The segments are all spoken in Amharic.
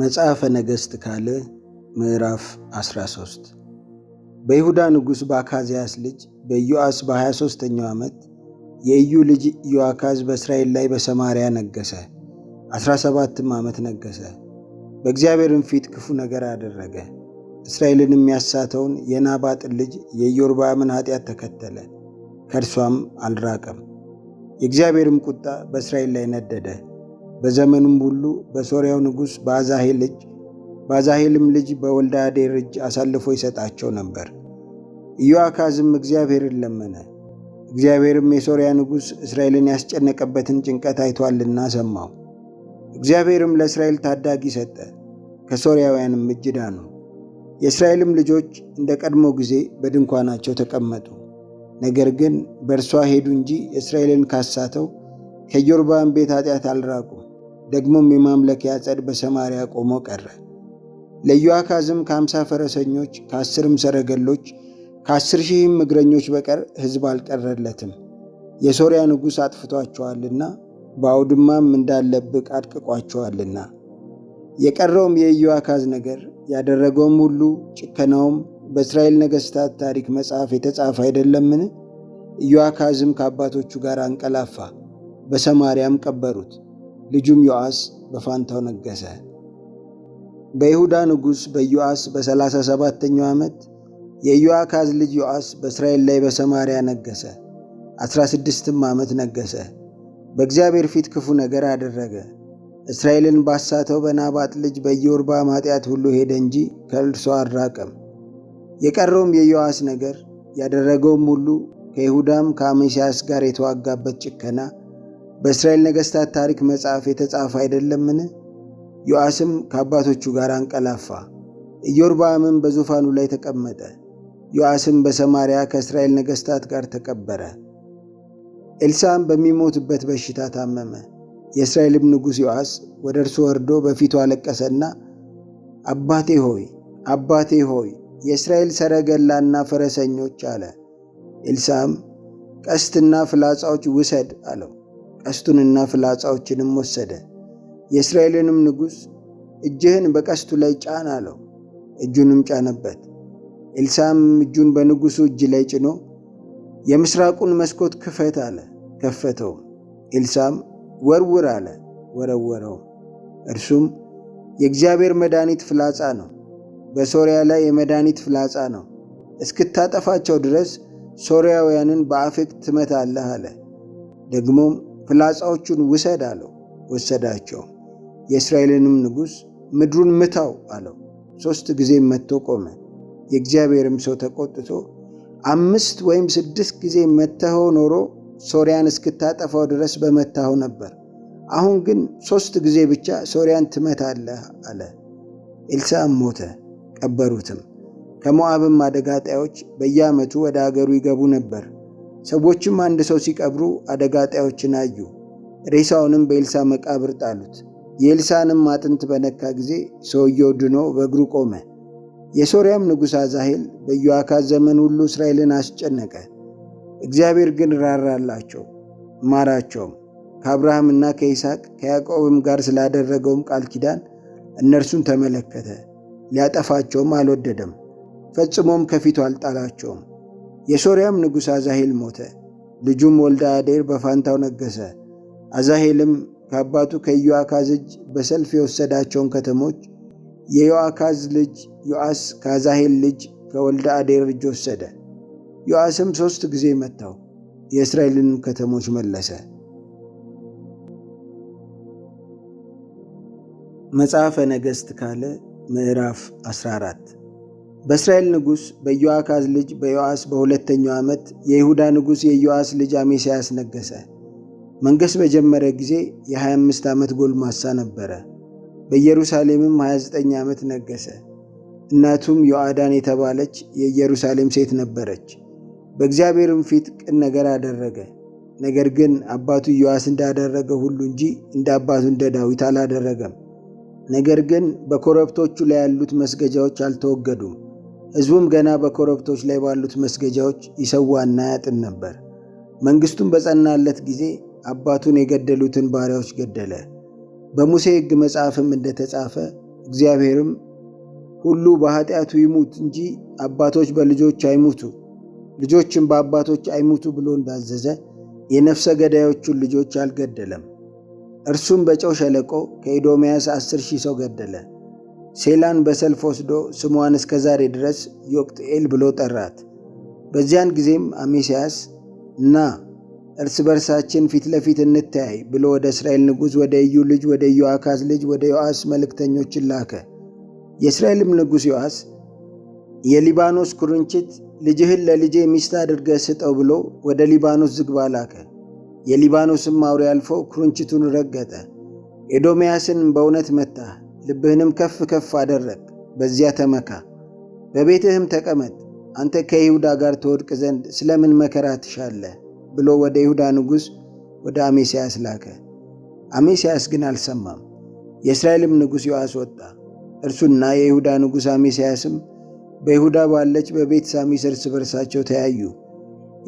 መጽሐፈ ነገሥት ካልዕ ምዕራፍ 13 በይሁዳ ንጉሥ በአካዝያስ ልጅ በኢዮአስ በ23ኛው ዓመት የኢዩ ልጅ ኢዮአካዝ በእስራኤል ላይ በሰማርያ ነገሰ 17 17ም ዓመት ነገሰ በእግዚአብሔርም ፊት ክፉ ነገር አደረገ። እስራኤልን የሚያሳተውን የናባጥን ልጅ የኢዮርባምን ኃጢአት ተከተለ፣ ከእርሷም አልራቀም። የእግዚአብሔርም ቁጣ በእስራኤል ላይ ነደደ። በዘመኑም ሁሉ በሶርያው ንጉሥ በአዛሄል እጅ በአዛሄልም ልጅ በወልደ አዴር እጅ አሳልፎ ይሰጣቸው ነበር። ኢዮአካዝም እግዚአብሔርን ለመነ። እግዚአብሔርም የሶርያ ንጉሥ እስራኤልን ያስጨነቀበትን ጭንቀት አይቷልና ሰማው። እግዚአብሔርም ለእስራኤል ታዳጊ ሰጠ፣ ከሶርያውያንም እጅ ዳኑ። የእስራኤልም ልጆች እንደ ቀድሞ ጊዜ በድንኳናቸው ተቀመጡ። ነገር ግን በእርሷ ሄዱ እንጂ እስራኤልን ካሳተው ከኢዮርብዓም ቤት ኃጢአት አልራቁ። ደግሞም የማምለኪያ ጸድ በሰማርያ ቆሞ ቀረ። ለኢዮአካዝም ከአምሳ ፈረሰኞች ከአስርም ሰረገሎች ከአስር ሺህም እግረኞች በቀር ሕዝብ አልቀረለትም። የሶርያ ንጉሥ አጥፍቷቸዋልና በአውድማም እንዳለብቅ አድቅቋቸዋልና። የቀረውም የኢዮአካዝ ነገር ያደረገውም ሁሉ ጭከናውም በእስራኤል ነገሥታት ታሪክ መጽሐፍ የተጻፈ አይደለምን? ኢዮአካዝም ከአባቶቹ ጋር አንቀላፋ፣ በሰማርያም ቀበሩት። ልጁም ዮአስ በፋንታው ነገሰ በይሁዳ ንጉሥ በዮአስ በሰላሳ ሰባተኛው ዓመት የዮአካዝ ልጅ ዮአስ በእስራኤል ላይ በሰማርያ ነገሰ። አሥራ ስድስትም ዓመት ነገሰ በእግዚአብሔር ፊት ክፉ ነገር አደረገ። እስራኤልን ባሳተው በናባጥ ልጅ በየወርባ ኃጢአት ሁሉ ሄደ እንጂ ከእርሶ አልራቀም። የቀረውም የዮአስ ነገር ያደረገውም ሁሉ ከይሁዳም ከአሜስያስ ጋር የተዋጋበት ጭከና በእስራኤል ነገሥታት ታሪክ መጽሐፍ የተጻፈ አይደለምን? ዮአስም ከአባቶቹ ጋር አንቀላፋ፣ ኢዮርባምም በዙፋኑ ላይ ተቀመጠ። ዮአስም በሰማርያ ከእስራኤል ነገሥታት ጋር ተቀበረ። ኤልሳም በሚሞትበት በሽታ ታመመ። የእስራኤልም ንጉሥ ዮአስ ወደ እርሱ ወርዶ በፊቱ አለቀሰና አባቴ ሆይ አባቴ ሆይ የእስራኤል ሰረገላና ፈረሰኞች አለ። ኤልሳም ቀስትና ፍላጻዎች ውሰድ አለው። ቀስቱንና ፍላጻዎችንም ወሰደ። የእስራኤልንም ንጉሥ እጅህን በቀስቱ ላይ ጫን አለው። እጁንም ጫነበት። ኤልሳም እጁን በንጉሡ እጅ ላይ ጭኖ የምሥራቁን መስኮት ክፈት አለ። ከፈተውም። ኤልሳም ወርውር አለ። ወረወረው። እርሱም የእግዚአብሔር መድኃኒት ፍላጻ ነው፣ በሶርያ ላይ የመድኃኒት ፍላጻ ነው። እስክታጠፋቸው ድረስ ሶርያውያንን በአፌቅ ትመታለህ አለ። ደግሞም ፍላጻዎቹን ውሰድ አለው። ወሰዳቸው። የእስራኤልንም ንጉሥ ምድሩን ምታው አለው። ሦስት ጊዜም መጥቶ ቆመ። የእግዚአብሔርም ሰው ተቆጥቶ አምስት ወይም ስድስት ጊዜ መተኸው ኖሮ ሶርያን እስክታጠፋው ድረስ በመታኸው ነበር። አሁን ግን ሦስት ጊዜ ብቻ ሶርያን ትመታለህ አለ። ኤልሳዕም ሞተ፣ ቀበሩትም። ከሞዓብም አደጋ ጣዮች በየዓመቱ ወደ አገሩ ይገቡ ነበር። ሰዎችም አንድ ሰው ሲቀብሩ አደጋ ጣዮችን አዩ። ሬሳውንም በኤልሳ መቃብር ጣሉት። የኤልሳንም አጥንት በነካ ጊዜ ሰውየው ድኖ በእግሩ ቆመ። የሶርያም ንጉሥ አዛሄል በኢዮአካዝ ዘመን ሁሉ እስራኤልን አስጨነቀ። እግዚአብሔር ግን ራራላቸው፣ ማራቸውም። ከአብርሃምና ከይስሐቅ ከያዕቆብም ጋር ስላደረገውም ቃል ኪዳን እነርሱን ተመለከተ፣ ሊያጠፋቸውም አልወደደም፣ ፈጽሞም ከፊቱ አልጣላቸውም። የሶርያም ንጉሥ አዛሄል ሞተ። ልጁም ወልደ አዴር በፋንታው ነገሰ አዛሄልም ከአባቱ ከኢዮአካዝ እጅ በሰልፍ የወሰዳቸውን ከተሞች የዮአካዝ ልጅ ዮአስ ከአዛሄል ልጅ ከወልደ አዴር እጅ ወሰደ። ዮአስም ሦስት ጊዜ መታው፣ የእስራኤልን ከተሞች መለሰ። መጽሐፈ ነገሥት ካልዕ ምዕራፍ 14 በእስራኤል ንጉሥ በኢዮአካዝ ልጅ በዮአስ በሁለተኛው ዓመት የይሁዳ ንጉሥ የዮአስ ልጅ አሜስያስ ነገሰ መንገሥ በጀመረ ጊዜ የ25 ዓመት ጎልማሳ ነበረ። በኢየሩሳሌምም 29 ዓመት ነገሰ እናቱም ዮአዳን የተባለች የኢየሩሳሌም ሴት ነበረች። በእግዚአብሔርም ፊት ቅን ነገር አደረገ። ነገር ግን አባቱ ኢዮአስ እንዳደረገ ሁሉ እንጂ እንደ አባቱ እንደ ዳዊት አላደረገም። ነገር ግን በኮረብቶቹ ላይ ያሉት መስገጃዎች አልተወገዱም። ሕዝቡም ገና በኮረብቶች ላይ ባሉት መስገጃዎች ይሰዋና ያጥን ነበር። መንግሥቱም በጸናለት ጊዜ አባቱን የገደሉትን ባሪያዎች ገደለ። በሙሴ ሕግ መጽሐፍም እንደተጻፈ እግዚአብሔርም ሁሉ በኃጢአቱ ይሙት እንጂ አባቶች በልጆች አይሙቱ፣ ልጆችም በአባቶች አይሙቱ ብሎ እንዳዘዘ የነፍሰ ገዳዮቹን ልጆች አልገደለም። እርሱም በጨው ሸለቆ ከኤዶምያስ አስር ሺህ ሰው ገደለ። ሴላን በሰልፍ ወስዶ ስሟን እስከ ዛሬ ድረስ ዮቅትኤል ብሎ ጠራት። በዚያን ጊዜም አሜስያስ እና እርስ በርሳችን ፊት ለፊት እንተያይ ብሎ ወደ እስራኤል ንጉሥ ወደ ኢዩ ልጅ ወደ ኢዮአካዝ ልጅ ወደ ዮአስ መልእክተኞችን ላከ። የእስራኤልም ንጉሥ ዮአስ የሊባኖስ ኩርንችት ልጅህን ለልጄ ሚስት አድርገህ ስጠው ብሎ ወደ ሊባኖስ ዝግባ ላከ። የሊባኖስም አውሬ አልፎ ኩርንችቱን ረገጠ። ኤዶምያስን በእውነት መታ፣ ልብህንም ከፍ ከፍ አደረግ፣ በዚያ ተመካ፣ በቤትህም ተቀመጥ። አንተ ከይሁዳ ጋር ትወድቅ ዘንድ ስለምን መከራ ትሻለህ? ብሎ ወደ ይሁዳ ንጉሥ ወደ አሜስያስ ላከ። አሜስያስ ግን አልሰማም። የእስራኤልም ንጉሥ ዮአስ ወጣ። እርሱና የይሁዳ ንጉሥ አሜስያስም በይሁዳ ባለች በቤት ሳሚስ እርስ በርሳቸው ተያዩ።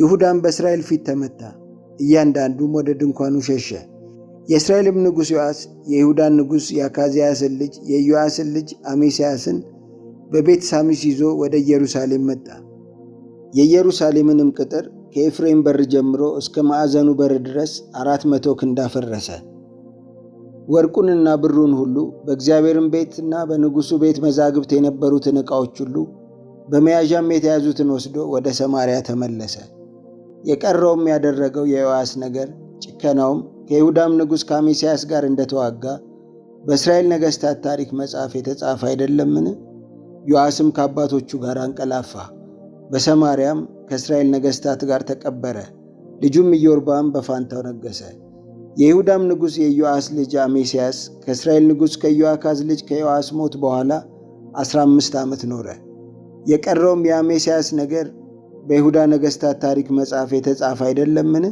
ይሁዳም በእስራኤል ፊት ተመታ፣ እያንዳንዱም ወደ ድንኳኑ ሸሸ። የእስራኤልም ንጉሥ ዮአስ የይሁዳን ንጉሥ የአካዝያስን ልጅ የዮአስን ልጅ አሜስያስን በቤት ሳሚስ ይዞ ወደ ኢየሩሳሌም መጣ። የኢየሩሳሌምንም ቅጥር ከኤፍሬም በር ጀምሮ እስከ ማዕዘኑ በር ድረስ አራት መቶ ክንድ አፈረሰ። ወርቁንና ብሩን ሁሉ በእግዚአብሔርም ቤትና በንጉሡ ቤት መዛግብት የነበሩትን ዕቃዎች ሁሉ በመያዣም የተያዙትን ወስዶ ወደ ሰማርያ ተመለሰ። የቀረውም ያደረገው የዮአስ ነገር ጭከናውም ከይሁዳም ንጉሥ ከአሜስያስ ጋር እንደተዋጋ በእስራኤል ነገሥታት ታሪክ መጽሐፍ የተጻፈ አይደለምን? ዮአስም ከአባቶቹ ጋር አንቀላፋ፣ በሰማርያም ከእስራኤል ነገሥታት ጋር ተቀበረ። ልጁም ኢዮርባም በፋንታው ነገሰ የይሁዳም ንጉሥ የዮአስ ልጅ አሜስያስ ከእስራኤል ንጉሥ ከዮአካዝ ልጅ ከዮአስ ሞት በኋላ 15 ዓመት ኖረ። የቀረውም የአሜስያስ ነገር በይሁዳ ነገሥታት ታሪክ መጽሐፍ የተጻፈ አይደለምን?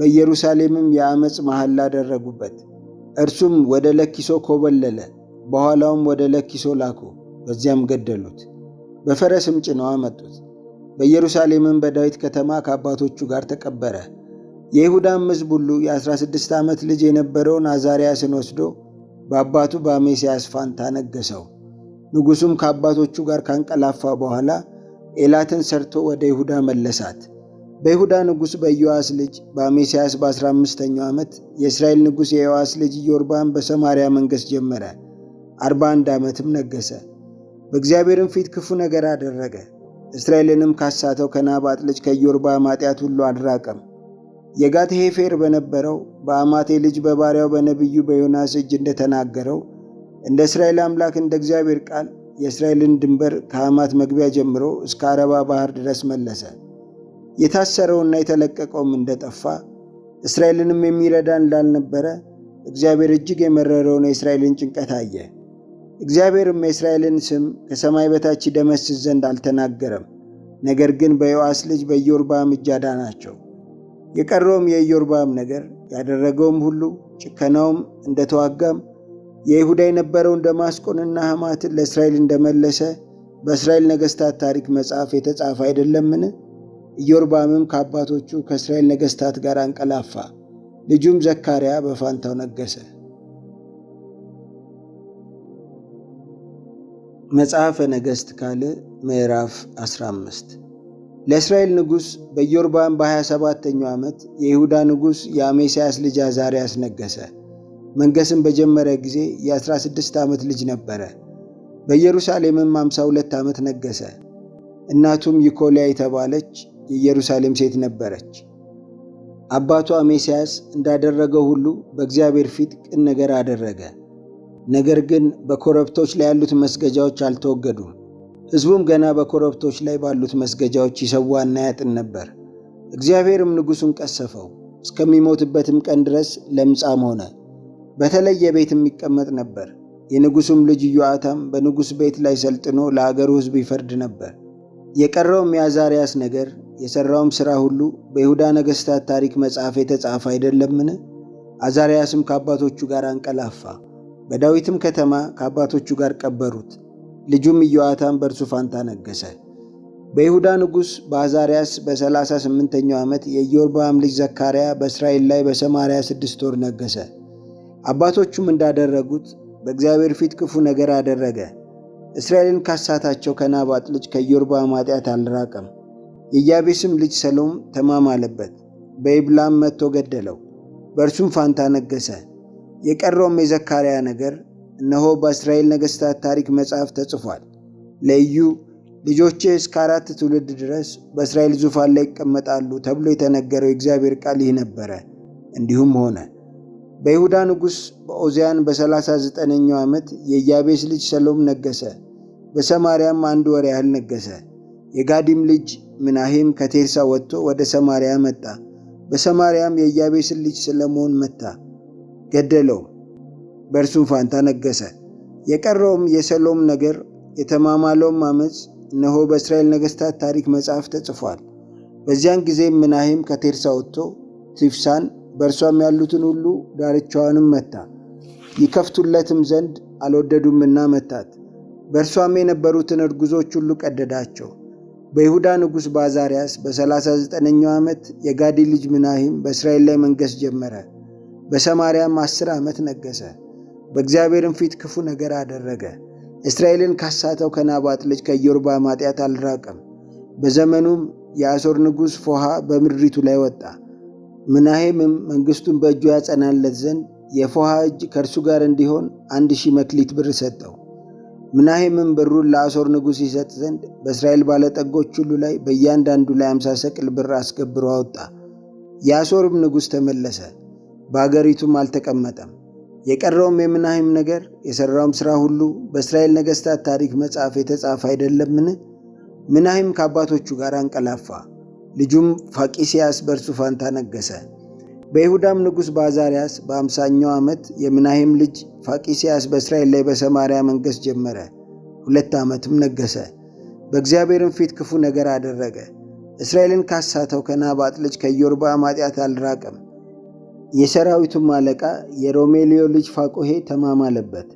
በኢየሩሳሌምም የአመፅ መሐላ አደረጉበት። እርሱም ወደ ለኪሶ ኮበለለ። በኋላውም ወደ ለኪሶ ላኩ፣ በዚያም ገደሉት። በፈረስም ጭነው አመጡት። በኢየሩሳሌምም በዳዊት ከተማ ከአባቶቹ ጋር ተቀበረ። የይሁዳም ሕዝብ ሁሉ የ16 ዓመት ልጅ የነበረውን አዛርያስን ወስዶ በአባቱ በአሜስያስ ፋንታ ነገሰው ንጉሡም ከአባቶቹ ጋር ካንቀላፋ በኋላ ኤላትን ሰርቶ ወደ ይሁዳ መለሳት። በይሁዳ ንጉሥ በኢዮአስ ልጅ በአሜስያስ በ15ኛው ዓመት የእስራኤል ንጉሥ የኢዮአስ ልጅ ኢዮርባም በሰማርያ መንገሥ ጀመረ። 41 ዓመትም ነገሰ በእግዚአብሔርም ፊት ክፉ ነገር አደረገ። እስራኤልንም ካሳተው ከናባጥ ልጅ ከኢዮርባም ኃጢአት ሁሉ አልራቀም። የጋት ሄፌር በነበረው በአማቴ ልጅ በባሪያው በነቢዩ በዮናስ እጅ እንደተናገረው እንደ እስራኤል አምላክ እንደ እግዚአብሔር ቃል የእስራኤልን ድንበር ከአማት መግቢያ ጀምሮ እስከ አረባ ባህር ድረስ መለሰ። የታሰረውና የተለቀቀውም እንደጠፋ እስራኤልንም የሚረዳ እንዳልነበረ እግዚአብሔር እጅግ የመረረውን የእስራኤልን ጭንቀት አየ። እግዚአብሔርም የእስራኤልን ስም ከሰማይ በታች ደመስስ ዘንድ አልተናገረም፣ ነገር ግን በዮአስ ልጅ በኢዮርባም እጅ አዳናቸው። የቀረውም የኢዮርባም ነገር ያደረገውም ሁሉ ጭከናውም፣ እንደተዋጋም የይሁዳ የነበረውን ደማስቆንና ሐማትን ለእስራኤል እንደመለሰ በእስራኤል ነገሥታት ታሪክ መጽሐፍ የተጻፈ አይደለምን? ኢዮርባምም ከአባቶቹ ከእስራኤል ነገሥታት ጋር አንቀላፋ። ልጁም ዘካርያ በፋንታው ነገሰ መጽሐፈ ነገሥት ካልዕ ምዕራፍ 15 ለእስራኤል ንጉሥ በኢዮርባም በ27ኛው ዓመት የይሁዳ ንጉሥ የአሜስያስ ልጅ አዛርያስ ነገሰ መንገስም በጀመረ ጊዜ የ16 ዓመት ልጅ ነበረ። በኢየሩሳሌምም 52 ዓመት ነገሰ እናቱም ይኮልያ የተባለች የኢየሩሳሌም ሴት ነበረች። አባቷ አሜስያስ እንዳደረገው ሁሉ በእግዚአብሔር ፊት ቅን ነገር አደረገ። ነገር ግን በኮረብቶች ላይ ያሉት መስገጃዎች አልተወገዱም። ሕዝቡም ገና በኮረብቶች ላይ ባሉት መስገጃዎች ይሰዋና ያጥን ነበር። እግዚአብሔርም ንጉሡን ቀሰፈው፣ እስከሚሞትበትም ቀን ድረስ ለምጻም ሆነ። በተለየ ቤት የሚቀመጥ ነበር። የንጉሡም ልጅ ኢዮአታም በንጉሥ ቤት ላይ ሰልጥኖ ለአገሩ ሕዝብ ይፈርድ ነበር። የቀረውም የአዛርያስ ነገር የሠራውም ሥራ ሁሉ በይሁዳ ነገሥታት ታሪክ መጽሐፍ የተጻፈ አይደለምን? አዛርያስም ከአባቶቹ ጋር አንቀላፋ፣ በዳዊትም ከተማ ከአባቶቹ ጋር ቀበሩት። ልጁም ኢዮአታም በእርሱ ፋንታ ነገሰ በይሁዳ ንጉሥ በአዛርያስ በሰላሳ ስምንተኛው ዓመት የኢዮርባም ልጅ ዘካርያ በእስራኤል ላይ በሰማርያ ስድስት ወር ነገሰ አባቶቹም እንዳደረጉት በእግዚአብሔር ፊት ክፉ ነገር አደረገ። እስራኤልን ካሳታቸው ከናባጥ ልጅ ከኢዮርባም ኃጢአት አልራቀም። የኢያቤስም ልጅ ሰሎም ተማማለበት፣ በይብላም መጥቶ ገደለው፣ በእርሱም ፋንታ ነገሰ፣ የቀረውም የዘካርያ ነገር እነሆ በእስራኤል ነገሥታት ታሪክ መጽሐፍ ተጽፏል። ለኢዩ ልጆቼ እስከ አራት ትውልድ ድረስ በእስራኤል ዙፋን ላይ ይቀመጣሉ ተብሎ የተነገረው የእግዚአብሔር ቃል ይህ ነበረ። እንዲሁም ሆነ። በይሁዳ ንጉሥ በኦዚያን በሰላሳ ኛው ዓመት የኢያቤስ ልጅ ሰሎም ነገሰ በሰማርያም አንድ ወር ያህል ነገሰ የጋዲም ልጅ ምናሄም ከቴርሳ ወጥቶ ወደ ሰማርያ መጣ። በሰማርያም የኢያቤስን ልጅ ሰሎሞንን መታ፣ ገደለው፣ በእርሱም ፋንታ ነገሰ የቀረውም የሰሎም ነገር የተማማለውም አመፅ እነሆ በእስራኤል ነገሥታት ታሪክ መጽሐፍ ተጽፏል። በዚያን ጊዜም ምናሄም ከቴርሳ ወጥቶ ቲፍሳን በእርሷም ያሉትን ሁሉ ዳርቻዋንም መታ። ይከፍቱለትም ዘንድ አልወደዱምና መታት። በእርሷም የነበሩትን እርጉዞች ሁሉ ቀደዳቸው። በይሁዳ ንጉሥ በአዛርያስ በ39ኛው ዓመት የጋዲ ልጅ ምናሂም በእስራኤል ላይ መንገስ ጀመረ። በሰማርያም አስር ዓመት ነገሰ በእግዚአብሔርም ፊት ክፉ ነገር አደረገ። እስራኤልን ካሳተው ከናባጥ ልጅ ከኢዮርባ ኃጢአት አልራቀም። በዘመኑም የአሶር ንጉሥ ፎሃ በምድሪቱ ላይ ወጣ። ምናሄምም መንግሥቱን በእጁ ያጸናለት ዘንድ የፎሃ እጅ ከእርሱ ጋር እንዲሆን አንድ ሺህ መክሊት ብር ሰጠው። ምናሄምን ብሩን ለአሶር ንጉሥ ይሰጥ ዘንድ በእስራኤል ባለጠጎች ሁሉ ላይ በእያንዳንዱ ላይ አምሳ ሰቅል ብር አስገብሮ አወጣ። የአሶርም ንጉሥ ተመለሰ፣ በአገሪቱም አልተቀመጠም። የቀረውም የምናሄም ነገር የሠራውም ሥራ ሁሉ በእስራኤል ነገሥታት ታሪክ መጽሐፍ የተጻፈ አይደለምን? ምናሄም ከአባቶቹ ጋር አንቀላፋ፣ ልጁም ፋቂስያስ በእርሱ ፋንታ ነገሠ። በይሁዳም ንጉሥ በአዛርያስ በአምሳኛው ዓመት የምናሄም ልጅ ፋቂሲያስ በእስራኤል ላይ በሰማርያ መንገሥ ጀመረ። ሁለት ዓመትም ነገሰ። በእግዚአብሔርም ፊት ክፉ ነገር አደረገ። እስራኤልን ካሳተው ከናባጥ ልጅ ከኢዮርብዓም ኃጢአት አልራቀም። የሰራዊቱም አለቃ የሮሜልዮ ልጅ ፋቆሄ ተማማለበት።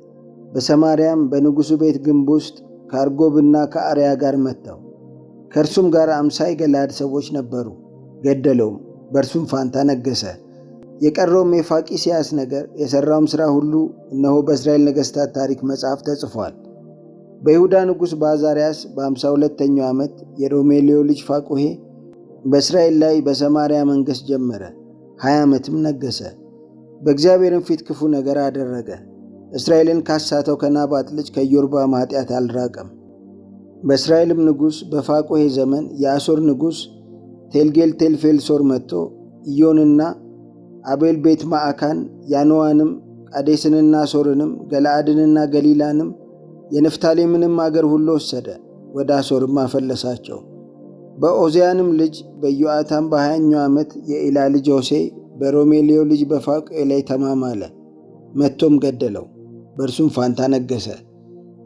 በሰማርያም በንጉሡ ቤት ግንብ ውስጥ ከአርጎብና ከአርያ ጋር መታው። ከእርሱም ጋር አምሳይ ገላድ ሰዎች ነበሩ፣ ገደለውም። በእርሱም ፋንታ ነገሰ። የቀረውም የፋቂስያስ ነገር የሠራውም ሥራ ሁሉ እነሆ በእስራኤል ነገሥታት ታሪክ መጽሐፍ ተጽፏል። በይሁዳ ንጉሥ በአዛርያስ በአምሳ ሁለተኛው ዓመት የሮሜሌዮ ልጅ ፋቁሄ በእስራኤል ላይ በሰማርያ መንገሥ ጀመረ፣ ሀያ ዓመትም ነገሰ፣ በእግዚአብሔርም ፊት ክፉ ነገር አደረገ። እስራኤልን ካሳተው ከናባጥ ልጅ ከኢዮርብዓም ኃጢአት አልራቀም። በእስራኤልም ንጉሥ በፋቁሄ ዘመን የአሶር ንጉሥ ቴልጌልቴልፌልሶር መጥቶ ኢዮንና አቤል ቤት ማዕካን ያኖዋንም ቃዴስንና ሶርንም ገላአድንና ገሊላንም የንፍታሌምንም አገር ሁሉ ወሰደ፣ ወደ አሶርም አፈለሳቸው። በኦዚያንም ልጅ በኢዮአታም በሃያኛው ዓመት የኢላ ልጅ ሆሴ በሮሜሌዮ ልጅ በፋቁኤ ላይ ተማማለ፣ መቶም ገደለው፣ በእርሱም ፋንታ ነገሰ።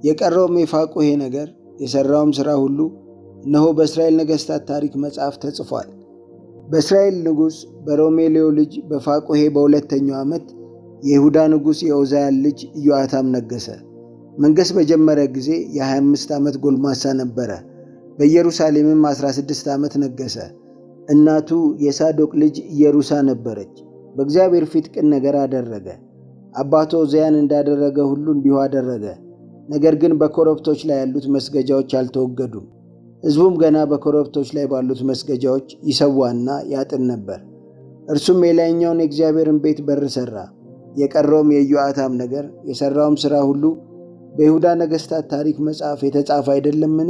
የቀረውም የፋቁሄ ነገር የሠራውም ሥራ ሁሉ እነሆ በእስራኤል ነገሥታት ታሪክ መጽሐፍ ተጽፏል። በእስራኤል ንጉሥ በሮሜሌዮ ልጅ በፋቆሄ በሁለተኛው ዓመት የይሁዳ ንጉሥ የኦዛያን ልጅ ኢዮአታም ነገሰ። መንገሥ በጀመረ ጊዜ የ25 ዓመት ጎልማሳ ነበረ። በኢየሩሳሌምም 16 ዓመት ነገሰ እናቱ የሳዶቅ ልጅ ኢየሩሳ ነበረች። በእግዚአብሔር ፊት ቅን ነገር አደረገ። አባቱ ኦዛያን እንዳደረገ ሁሉ እንዲሁ አደረገ። ነገር ግን በኮረብቶች ላይ ያሉት መስገጃዎች አልተወገዱም። ሕዝቡም ገና በኮረብቶች ላይ ባሉት መስገጃዎች ይሰዋና ያጥን ነበር። እርሱም የላይኛውን የእግዚአብሔርን ቤት በር ሠራ። የቀረውም የኢዮአታም ነገር የሠራውም ሥራ ሁሉ በይሁዳ ነገሥታት ታሪክ መጽሐፍ የተጻፈ አይደለምን?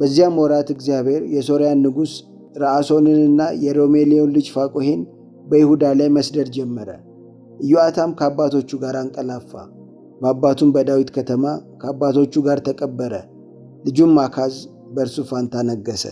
በዚያም ወራት እግዚአብሔር የሶርያን ንጉሥ ረአሶንንና የሮሜሊዮን ልጅ ፋቁሄን በይሁዳ ላይ መስደድ ጀመረ። ኢዮአታም ከአባቶቹ ጋር አንቀላፋ፣ በአባቱም በዳዊት ከተማ ከአባቶቹ ጋር ተቀበረ። ልጁም አካዝ በእርሱ ፋንታ ነገሰ።